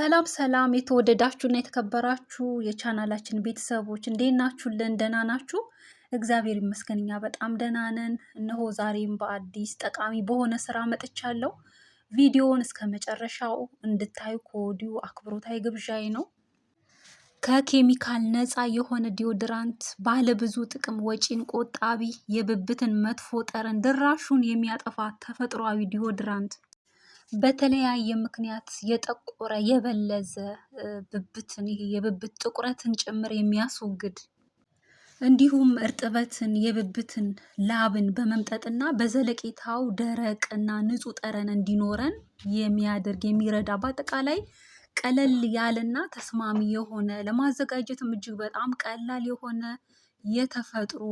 ሰላም ሰላም የተወደዳችሁና የተከበራችሁ የቻናላችን ቤተሰቦች እንዴት ናችሁልን? ደህና ናችሁ? እግዚአብሔር ይመስገን እኛ በጣም ደህና ነን። እነሆ ዛሬም በአዲስ ጠቃሚ በሆነ ስራ መጥቻለሁ። ቪዲዮውን እስከ መጨረሻው እንድታዩ ከወዲሁ አክብሮታዊ ግብዣዬ ነው። ከኬሚካል ነፃ የሆነ ዲዮድራንት ባለ ብዙ ጥቅም፣ ወጪን ቆጣቢ፣ የብብትን መጥፎ ጠረን ድራሹን የሚያጠፋ ተፈጥሯዊ ዲዮድራንት በተለያየ ምክንያት የጠቆረ የበለዘ ብብትን ይሄ የብብት ጥቁረትን ጭምር የሚያስወግድ እንዲሁም እርጥበትን የብብትን ላብን በመምጠጥና በዘለቄታው ደረቅና ንጹህ ጠረን እንዲኖረን የሚያደርግ የሚረዳ በአጠቃላይ ቀለል ያለና ተስማሚ የሆነ ለማዘጋጀትም እጅግ በጣም ቀላል የሆነ የተፈጥሮ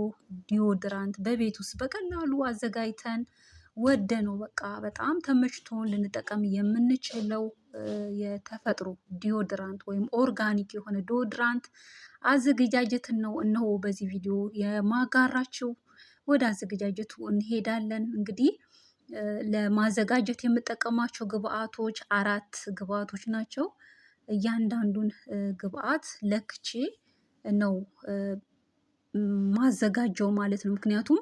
ዲዮድራንት በቤት ውስጥ በቀላሉ አዘጋጅተን ወደ ነው በቃ በጣም ተመችቶን ልንጠቀም የምንችለው የተፈጥሮ ዲዮድራንት ወይም ኦርጋኒክ የሆነ ዲዮድራንት አዘገጃጀትን ነው እነሆ በዚህ ቪዲዮ የማጋራችው ወደ አዘገጃጀቱ እንሄዳለን። እንግዲህ ለማዘጋጀት የምጠቀማቸው ግብአቶች አራት ግብአቶች ናቸው። እያንዳንዱን ግብአት ለክቼ ነው ማዘጋጀው ማለት ነው ምክንያቱም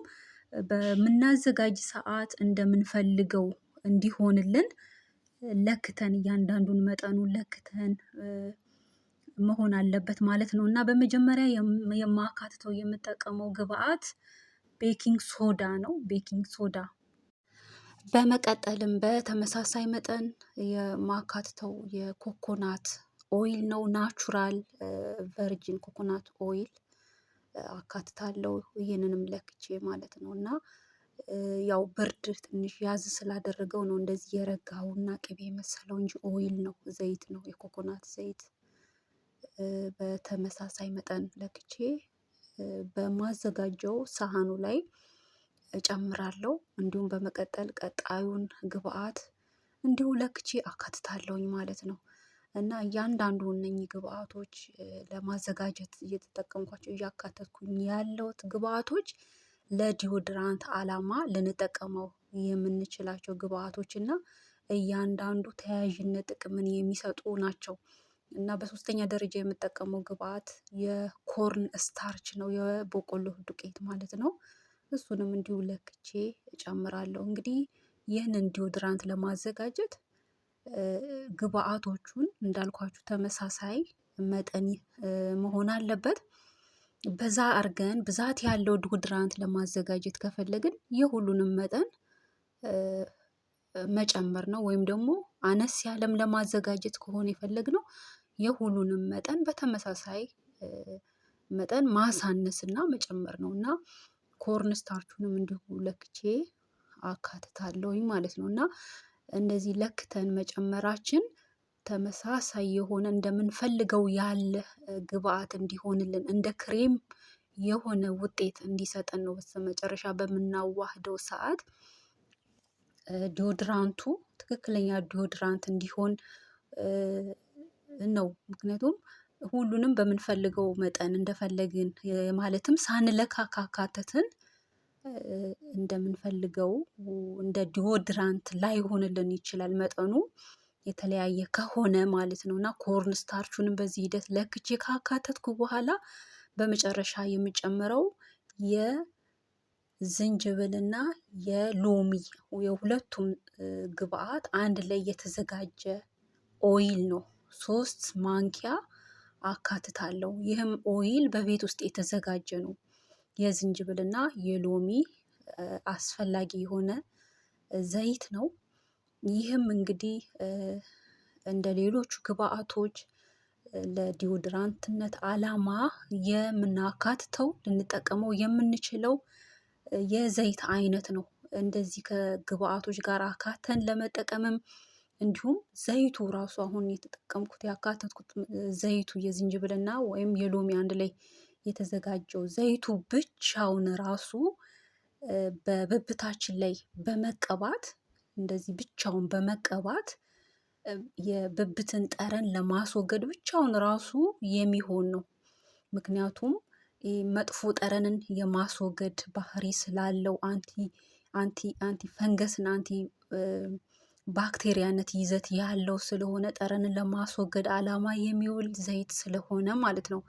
በምናዘጋጅ ሰዓት እንደምንፈልገው እንዲሆንልን ለክተን እያንዳንዱን መጠኑን ለክተን መሆን አለበት ማለት ነው። እና በመጀመሪያ የማካትተው የምጠቀመው ግብአት ቤኪንግ ሶዳ ነው። ቤኪንግ ሶዳ በመቀጠልም በተመሳሳይ መጠን የማካትተው የኮኮናት ኦይል ነው። ናቹራል ቨርጂን ኮኮናት ኦይል አካትታለሁ። ይህንንም ለክቼ ማለት ነው እና ያው ብርድ ትንሽ ያዝ ስላደረገው ነው እንደዚህ የረጋውና ቅቤ የመሰለው እንጂ ኦይል ነው፣ ዘይት ነው፣ የኮኮናት ዘይት በተመሳሳይ መጠን ለክቼ በማዘጋጀው ሳህኑ ላይ እጨምራለሁ። እንዲሁም በመቀጠል ቀጣዩን ግብአት እንዲሁ ለክቼ አካትታለሁኝ ማለት ነው። እና እያንዳንዱ እነኚህ ግብአቶች ለማዘጋጀት እየተጠቀምኳቸው እያካተትኩኝ ያለሁት ግብአቶች ለዲዮድራንት አላማ ልንጠቀመው የምንችላቸው ግብአቶች እና እያንዳንዱ ተያያዥነት ጥቅምን የሚሰጡ ናቸው። እና በሶስተኛ ደረጃ የምጠቀመው ግብአት የኮርን ስታርች ነው የቦቆሎ ዱቄት ማለት ነው። እሱንም እንዲሁ ለክቼ እጨምራለሁ እንግዲህ ይህንን ዲዮድራንት ለማዘጋጀት ግብአቶቹን እንዳልኳችሁ ተመሳሳይ መጠን መሆን አለበት። በዛ አርገን ብዛት ያለው ዱድራንት ለማዘጋጀት ከፈለግን የሁሉንም መጠን መጨመር ነው። ወይም ደግሞ አነስ ያለም ለማዘጋጀት ከሆነ የፈለግነው የሁሉንም መጠን በተመሳሳይ መጠን ማሳነስ እና መጨመር ነው እና ኮርን ስታርቹንም እንዲሁ ለክቼ አካትታለሁኝ ማለት ነው እና እንደዚህ ለክተን መጨመራችን ተመሳሳይ የሆነ እንደምንፈልገው ያለ ግብአት እንዲሆንልን እንደ ክሬም የሆነ ውጤት እንዲሰጠን ነው። በስተመጨረሻ በምናዋህደው ሰዓት ዲዮድራንቱ ትክክለኛ ዲዮድራንት እንዲሆን ነው። ምክንያቱም ሁሉንም በምንፈልገው መጠን እንደፈለግን ማለትም ሳንለካ ካካተትን እንደምንፈልገው እንደ ዲዮድራንት ላይሆንልን ይችላል መጠኑ የተለያየ ከሆነ ማለት ነው። እና ኮርን ስታርቹንም በዚህ ሂደት ለክቼ ካካተትኩ በኋላ በመጨረሻ የምጨምረው የዝንጅብልና የሎሚ የሁለቱም ግብአት አንድ ላይ የተዘጋጀ ኦይል ነው። ሶስት ማንኪያ አካትታለሁ። ይህም ኦይል በቤት ውስጥ የተዘጋጀ ነው። የዝንጅብልና የሎሚ አስፈላጊ የሆነ ዘይት ነው። ይህም እንግዲህ እንደ ሌሎቹ ግብአቶች ለዲዮድራንትነት አላማ የምናካትተው ልንጠቀመው የምንችለው የዘይት አይነት ነው። እንደዚህ ከግብአቶች ጋር አካተን ለመጠቀምም እንዲሁም ዘይቱ ራሱ አሁን የተጠቀምኩት ያካተትኩት ዘይቱ የዝንጅብልና ወይም የሎሚ አንድ ላይ የተዘጋጀው ዘይቱ ብቻውን ራሱ በብብታችን ላይ በመቀባት እንደዚህ ብቻውን በመቀባት የብብትን ጠረን ለማስወገድ ብቻውን ራሱ የሚሆን ነው። ምክንያቱም መጥፎ ጠረንን የማስወገድ ባህሪ ስላለው አንቲ አንቲ አንቲ ፈንገስን አንቲ ባክቴሪያነት ይዘት ያለው ስለሆነ ጠረንን ለማስወገድ ዓላማ የሚውል ዘይት ስለሆነ ማለት ነው።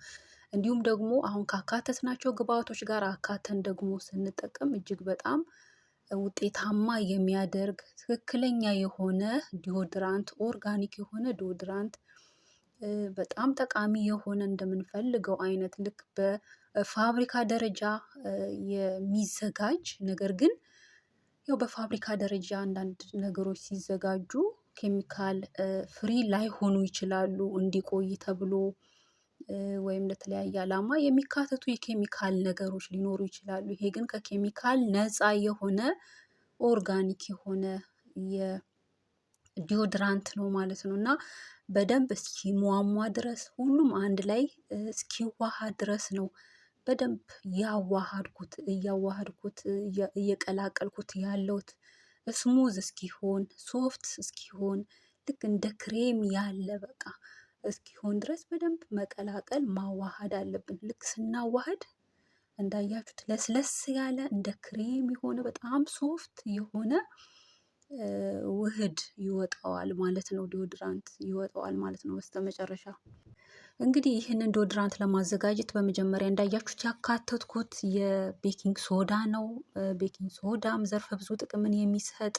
እንዲሁም ደግሞ አሁን ካካተትናቸው ግብአቶች ጋር አካተን ደግሞ ስንጠቀም እጅግ በጣም ውጤታማ የሚያደርግ ትክክለኛ የሆነ ዲዮድራንት ኦርጋኒክ የሆነ ዲዮድራንት በጣም ጠቃሚ የሆነ እንደምንፈልገው አይነት ልክ በፋብሪካ ደረጃ የሚዘጋጅ ነገር ግን ያው በፋብሪካ ደረጃ አንዳንድ ነገሮች ሲዘጋጁ ኬሚካል ፍሪ ላይሆኑ ይችላሉ እንዲቆይ ተብሎ ወይም ለተለያየ ዓላማ የሚካተቱ የኬሚካል ነገሮች ሊኖሩ ይችላሉ። ይሄ ግን ከኬሚካል ነፃ የሆነ ኦርጋኒክ የሆነ የዲዮድራንት ነው ማለት ነው እና በደንብ እስኪሟሟ ድረስ ሁሉም አንድ ላይ እስኪዋሃድ ድረስ ነው በደንብ ያዋሃድኩት እያዋሃድኩት እየቀላቀልኩት ያለውት ስሙዝ እስኪሆን ሶፍት እስኪሆን ልክ እንደ ክሬም ያለ በቃ እስኪሆን ድረስ በደንብ መቀላቀል ማዋሃድ አለብን። ልክ ስናዋህድ እንዳያችሁት ለስለስ ያለ እንደ ክሬም የሆነ በጣም ሶፍት የሆነ ውህድ ይወጣዋል ማለት ነው። ዲዮድራንት ይወጣዋል ማለት ነው። በስተመጨረሻ እንግዲህ ይህንን ዲዮድራንት ለማዘጋጀት በመጀመሪያ እንዳያችሁት ያካተትኩት የቤኪንግ ሶዳ ነው። ቤኪንግ ሶዳም ዘርፈ ብዙ ጥቅምን የሚሰጥ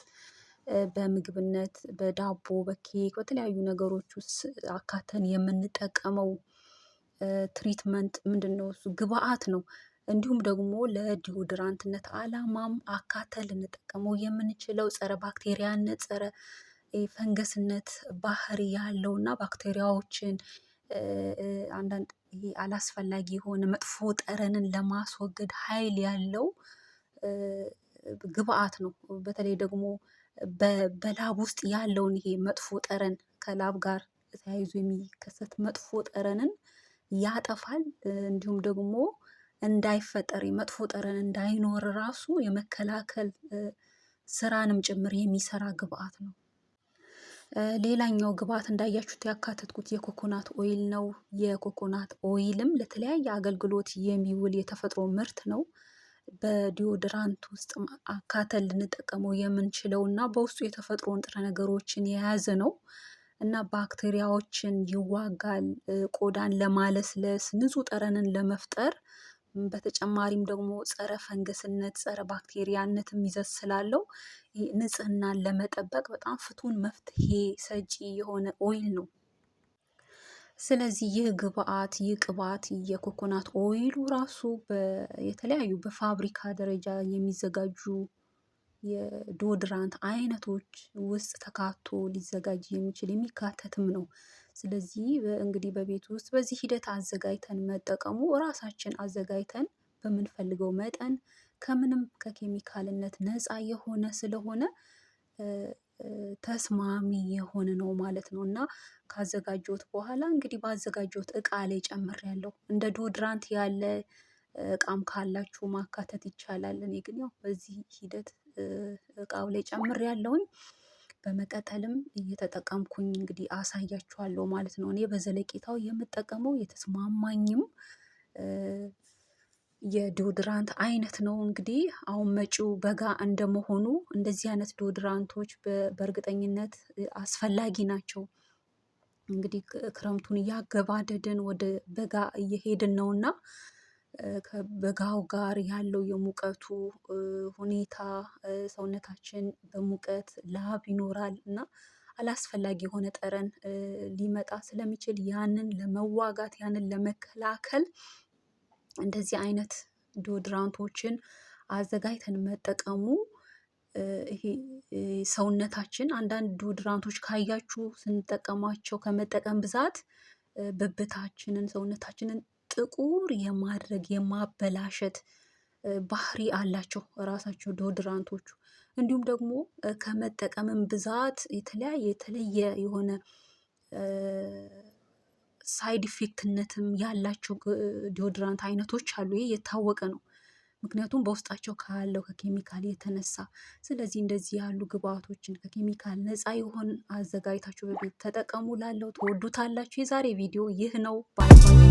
በምግብነት በዳቦ በኬክ በተለያዩ ነገሮች ውስጥ አካተን የምንጠቀመው ትሪትመንት ምንድነው? እሱ ግብአት ነው። እንዲሁም ደግሞ ለዲዮድራንትነት አላማም አካተን ልንጠቀመው የምንችለው ጸረ ባክቴሪያነት ጸረ ፈንገስነት ባህሪ እና ባክቴሪያዎችን አንዳንድ አላስፈላጊ የሆነ መጥፎ ጠረንን ለማስወገድ ሀይል ያለው ግብአት ነው። በተለይ ደግሞ በላብ ውስጥ ያለውን ይሄ መጥፎ ጠረን ከላብ ጋር ተያይዞ የሚከሰት መጥፎ ጠረንን ያጠፋል። እንዲሁም ደግሞ እንዳይፈጠር የመጥፎ ጠረን እንዳይኖር ራሱ የመከላከል ስራንም ጭምር የሚሰራ ግብአት ነው። ሌላኛው ግብአት እንዳያችሁት ያካተትኩት የኮኮናት ኦይል ነው። የኮኮናት ኦይልም ለተለያየ አገልግሎት የሚውል የተፈጥሮ ምርት ነው። በዲዮድራንት ውስጥ አካተን ልንጠቀመው የምንችለው እና በውስጡ የተፈጥሮ ንጥረ ነገሮችን የያዘ ነው እና ባክቴሪያዎችን ይዋጋል፣ ቆዳን ለማለስለስ፣ ንጹህ ጠረንን ለመፍጠር በተጨማሪም ደግሞ ጸረ ፈንገስነት ጸረ ባክቴሪያነትም ይዘት ስላለው ንጽህናን ለመጠበቅ በጣም ፍቱን መፍትሄ ሰጪ የሆነ ኦይል ነው። ስለዚህ ይህ ግብአት ይህ ቅባት የኮኮናት ኦይሉ ራሱ የተለያዩ በፋብሪካ ደረጃ የሚዘጋጁ የዶድራንት አይነቶች ውስጥ ተካቶ ሊዘጋጅ የሚችል የሚካተትም ነው። ስለዚህ እንግዲህ በቤት ውስጥ በዚህ ሂደት አዘጋጅተን መጠቀሙ ራሳችን አዘጋጅተን በምንፈልገው መጠን ከምንም ከኬሚካልነት ነፃ የሆነ ስለሆነ ተስማሚ የሆነ ነው ማለት ነው። እና ካዘጋጀሁት በኋላ እንግዲህ ባዘጋጀሁት እቃ ላይ ያለው እንደ ዶድራንት ያለ እቃም ካላችሁ ማካተት ይቻላል። እኔ ግን ያው በዚህ ሂደት እቃው ላይ ያለውኝ በመቀጠልም እየተጠቀምኩኝ እንግዲህ አሳያችኋለሁ ማለት ነው። እኔ በዘለቂታው የምጠቀመው የተስማማኝም የዶድራንት አይነት ነው። እንግዲህ አሁን መጪው በጋ እንደመሆኑ እንደዚህ አይነት ዶድራንቶች በእርግጠኝነት አስፈላጊ ናቸው። እንግዲህ ክረምቱን እያገባደድን ወደ በጋ እየሄድን ነው እና ከበጋው ጋር ያለው የሙቀቱ ሁኔታ ሰውነታችን በሙቀት ላብ ይኖራል እና አላስፈላጊ የሆነ ጠረን ሊመጣ ስለሚችል ያንን ለመዋጋት ያንን ለመከላከል እንደዚህ አይነት ዶድራንቶችን አዘጋጅተን መጠቀሙ ይሄ ሰውነታችን አንዳንድ ዶድራንቶች ካያችሁ ስንጠቀማቸው ከመጠቀም ብዛት ብብታችንን ሰውነታችንን ጥቁር የማድረግ የማበላሸት ባህሪ አላቸው ራሳቸው ዶድራንቶቹ። እንዲሁም ደግሞ ከመጠቀምም ብዛት የተለያየ የተለየ የሆነ ሳይድ ኢፌክትነትም ያላቸው ዲዮድራንት አይነቶች አሉ። ይህ የታወቀ ነው፣ ምክንያቱም በውስጣቸው ካለው ከኬሚካል የተነሳ። ስለዚህ እንደዚህ ያሉ ግብአቶችን ከኬሚካል ነፃ የሆን አዘጋጅታችሁ በቤት ተጠቀሙ። ላለው ትወዱታላችሁ። የዛሬ ቪዲዮ ይህ ነው። ባይ